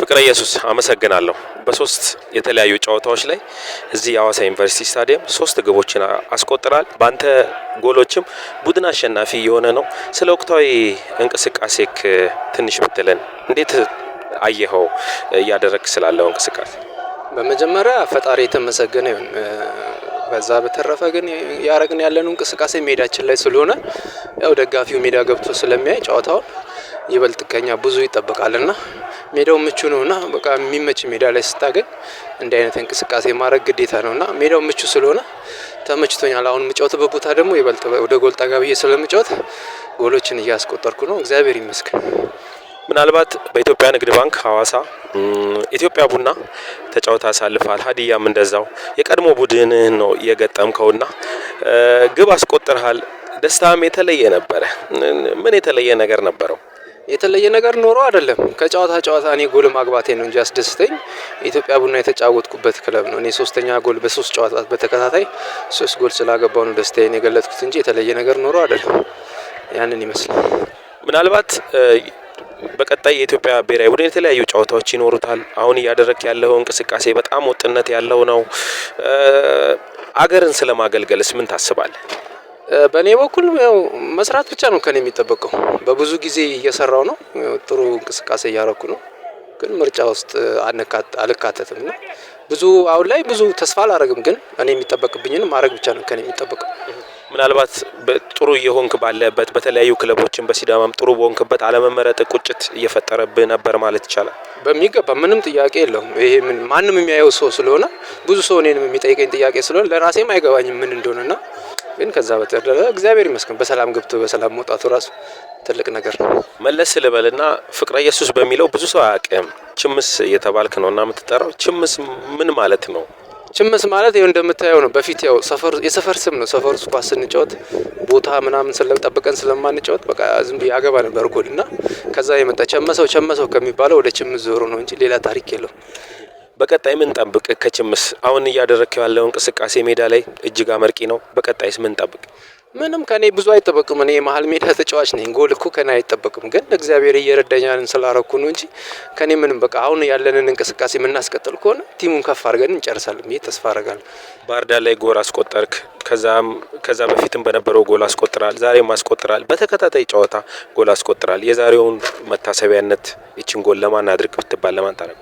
ፍቅረ ኢየሱስ አመሰግናለሁ። በሶስት የተለያዩ ጨዋታዎች ላይ እዚህ የአዋሳ ዩኒቨርሲቲ ስታዲየም ሶስት ግቦችን አስቆጥራል። በአንተ ጎሎችም ቡድን አሸናፊ የሆነ ነው። ስለ ወቅታዊ እንቅስቃሴክ ትንሽ ብትለን፣ እንዴት አየኸው? እያደረግ ስላለው እንቅስቃሴ በመጀመሪያ ፈጣሪ የተመሰገነ ይሁን። በዛ በተረፈ ግን ያረግን ያለነው እንቅስቃሴ ሜዳችን ላይ ስለሆነ ያው ደጋፊው ሜዳ ገብቶ ስለሚያይ ጨዋታውን ይበልጥ ከኛ ብዙ ይጠበቃልና ሜዳው ምቹ ነውና በቃ የሚመች ሜዳ ላይ ስታገኝ እንዲህ አይነት እንቅስቃሴ ማድረግ ግዴታ ነውና ሜዳው ምቹ ስለሆነ ተመችቶኛል። አሁን ምጫወት በቦታ ደግሞ ይበልጥ ወደ ጎል ጠጋ ብዬ ስለምጫወት ጎሎችን እያስቆጠርኩ ነው። እግዚአብሔር ይመስገን። ምናልባት በኢትዮጵያ ንግድ ባንክ ሀዋሳ ኢትዮጵያ ቡና ተጫውታ አሳልፋል። ሀዲያም እንደዛው የቀድሞ ቡድንህን ነው የገጠምከውና ግብ አስቆጥርሃል። ደስታም የተለየ ነበረ። ምን የተለየ ነገር ነበረው? የተለየ ነገር ኖሮ አይደለም። ከጨዋታ ጨዋታ እኔ ጎል ማግባቴ ነው እንጂ ያስደስተኝ ኢትዮጵያ ቡና የተጫወትኩበት ክለብ ነው። እኔ ሶስተኛ ጎል በሶስት ጨዋታ በተከታታይ ሶስት ጎል ስላገባው ነው ደስታዬን የገለጥኩት እንጂ የተለየ ነገር ኖሮ አይደለም። ያንን ይመስላል። ምናልባት በቀጣይ የኢትዮጵያ ብሔራዊ ቡድን የተለያዩ ጨዋታዎች ይኖሩታል። አሁን እያደረግ ያለው እንቅስቃሴ በጣም ወጥነት ያለው ነው። አገርን ስለማገልገልስ ምን ታስባለህ? በእኔ በኩል ያው መስራት ብቻ ነው ከኔ የሚጠበቀው። በብዙ ጊዜ እየሰራው ነው፣ ጥሩ እንቅስቃሴ እያረኩ ነው። ግን ምርጫ ውስጥ አልካተትም ነው። ብዙ አሁን ላይ ብዙ ተስፋ አላረግም። ግን እኔ የሚጠበቅብኝን ማድረግ ብቻ ነው ከኔ የሚጠበቀው። ምናልባት ጥሩ እየሆንክ ባለበት በተለያዩ ክለቦችን በሲዳማም ጥሩ በሆንክበት አለመመረጥ ቁጭት እየፈጠረብህ ነበር ማለት ይቻላል? በሚገባ ምንም ጥያቄ የለውም። ይሄ ምን ማንም የሚያየው ሰው ስለሆነ ብዙ ሰው እኔንም የሚጠይቀኝ ጥያቄ ስለሆነ ለራሴም አይገባኝም ምን እንደሆነና ግን ከዛ በተደረ እግዚአብሔር ይመስገን በሰላም ገብቶ በሰላም መውጣቱ ራሱ ትልቅ ነገር ነው። መለስ ልበልና ፍቅረ ኢየሱስ በሚለው ብዙ ሰው አያውቅም። ችምስ እየተባልክ ነው እና የምትጠራው ችምስ ምን ማለት ነው? ችምስ ማለት ይኸው እንደምታየው ነው። በፊት ያው ሰፈር የሰፈር ስም ነው። ሰፈር ውስጥ ኳስ ስንጫወት ቦታ ምናምን ስለጠብቀን ስለማንጫወት በቃ ዝም ብዬ አገባ ነበር ጎል እና ከዛ የመጣ ቸመሰው ቸመሰው ከሚባለው ወደ ችምስ ዞሮ ነው እንጂ ሌላ ታሪክ የለው። በቀጣይ ምን ጠብቅ? ከችምስ አሁን እያደረግከው ያለው እንቅስቃሴ ሜዳ ላይ እጅግ አመርቂ ነው። በቀጣይስ ምን ጠብቅ? ምንም ከኔ ብዙ አይጠበቅም። እኔ መሀል ሜዳ ተጫዋች ነኝ። ጎል እኮ ከኔ አይጠበቅም፣ ግን እግዚአብሔር እየረዳኛልን ስላረኩ ነው እንጂ ከኔ ምንም በቃ አሁን ያለንን እንቅስቃሴ የምናስቀጥል ከሆነ ቲሙን ከፍ አድርገን እንጨርሳለን ብዬ ተስፋ አረጋል። ባህርዳር ላይ ጎል አስቆጠርክ፣ ከዛ በፊትም በነበረው ጎል አስቆጥራል፣ ዛሬም አስቆጥራል፣ በተከታታይ ጨዋታ ጎል አስቆጥራል። የዛሬውን መታሰቢያነት ይችን ጎል ለማን አድርግ ብትባል ለማን ታረግ?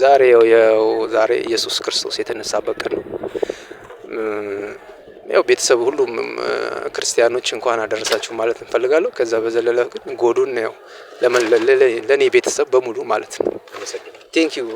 ዛሬ ያው ዛሬ ኢየሱስ ክርስቶስ የተነሳበት ቀን ነው። ያው ቤተሰብ ሁሉም ክርስቲያኖች እንኳን አደረሳችሁ ማለት እንፈልጋለሁ። ከዛ በዘለለ ግን ጎዱን ያው ለኔ ቤተሰብ በሙሉ ማለት ነው። ዩ